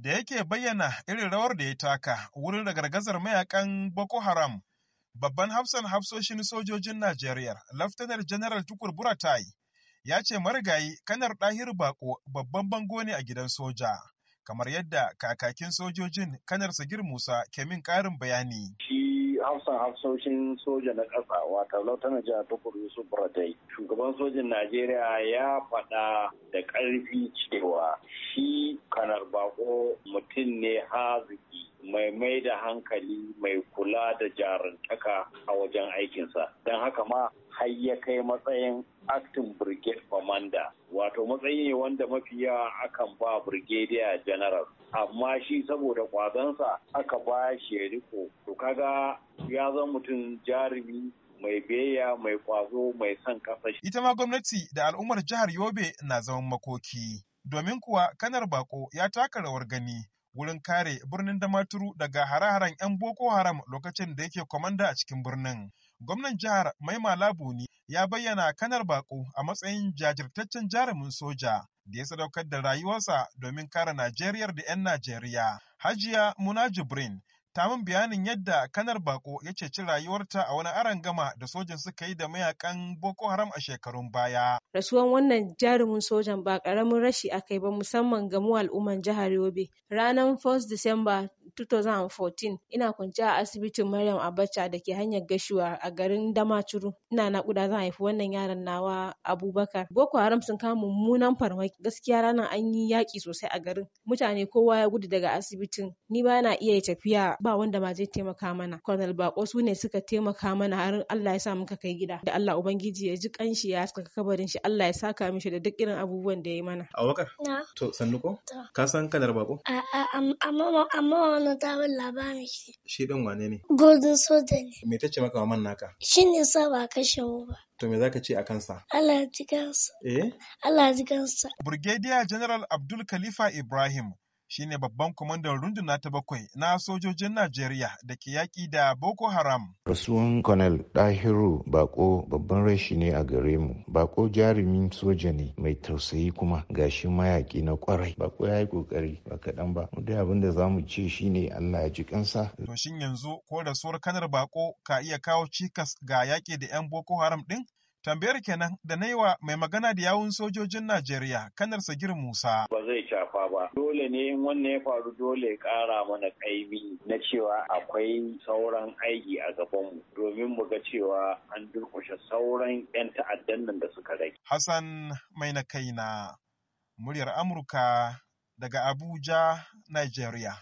da yake bayyana irin rawar da ya taka wurin ragargazar mayakan Boko Haram. Babban hafsan hafsoshin sojojin Najeriya, Laftanar General Tukur Buratai, ya ce marigayi kanar ɗahir bako babban bango ne a gidan soja. Kamar yadda kakakin sojojin kanar Sagir Musa ke min ƙarin bayani. Shi hafsan hafsoshin soja na ƙasa wata lautana jihar Tukur Yusuf Buratai, shugaban sojin Najeriya ya faɗa da ƙarfi cewa mutum ne haziki mai mai da hankali mai kula da jarantaka a wajen aikinsa don haka ma har ya kai matsayin acting brigade commander wato matsayi ne wanda mafi yawa akan ba brigadier general amma shi saboda kwazonsa aka ba shi ya riko to kaga ya zama mutum jarumi mai beya mai kwazo mai son kasa ita ma gwamnati da al'ummar jihar yobe na zaman makoki domin kuwa kanar bako ya taka rawar gani wurin kare birnin Damaturu daga hare-haren 'yan Boko Haram lokacin da yake kwamanda a cikin birnin. Gwamnan jihar Maima Labuni ya bayyana kanar bako a matsayin jajirtaccen jarumin soja da ya sadaukar da rayuwarsa domin kare Najeriya da 'yan Najeriya. Hajiya Muna Jibrin ta min bayanin yadda kanar bako ya ceci rayuwarta a wani aron gama da sojan suka yi da mayakan boko haram a shekarun baya rasuwan wannan jarumin sojan ba karamin rashi aka yi ba musamman ga mu al'umman jihar yobe ranar 1 disamba 2014, ina kwance a asibitin Maryam Abacha da ke hanyar Gashuwa a garin Damaturu. Ina nakuda zan haifi wannan yaron nawa Abubakar. Boko Haram sun kama mummunan farmaki. Gaskiya ranar an yi yaƙi sosai a garin. Mutane kowa ya gudu daga asibitin. Ni ba na iya tafiya ba wanda ma zai taimaka mana. Colonel Bako su ne suka taimaka mana har Allah ya sa muka kai gida. Da Allah Ubangiji ya ji kanshi ya saka kabarin shi Allah ya saka mishi da duk irin abubuwan da ya yi mana. Abubakar? To sannu Ka san kalar Bako? A'a amma maman ta ban labarin shi. Shi ɗin wane ne? Golden soja ne. Me ta ce maka maman naka? Shi ne sa ba kashe mu ba. To me za ka ce a kansa? Allah ji kansa. Eh? Allah ji kansa. Brigadier General Abdul Khalifa Ibrahim shine babban kwamandan runduna ta bakwai na sojojin Najeriya da ke yaƙi da Boko Haram. Rasuwan Colonel Dahiru Bako babban rashi ne a gare mu. Bako jarumin soja ne mai tausayi kuma gashi mayaƙi na kwarai. Bako ya yi ƙoƙari ba kaɗan ba. Mu dai abin da za mu ce ne Allah ya ji kansa. To shin yanzu ko rasuwar kanar Bako ka iya kawo cikas ga yaƙi da 'yan Boko Haram ɗin? Tambayar kenan da na yi wa mai magana da yawun sojojin Najeriya kanar Sagir Musa. Ba zai shafa ba. Dole ne in wannan ya faru dole ya kara mana kaimi na cewa akwai sauran aiki a gabanmu domin mu ga cewa an durkushe sauran 'yan ta'addan nan da suka rage. Hassan mai na kaina muryar Amurka daga Abuja, Najeriya.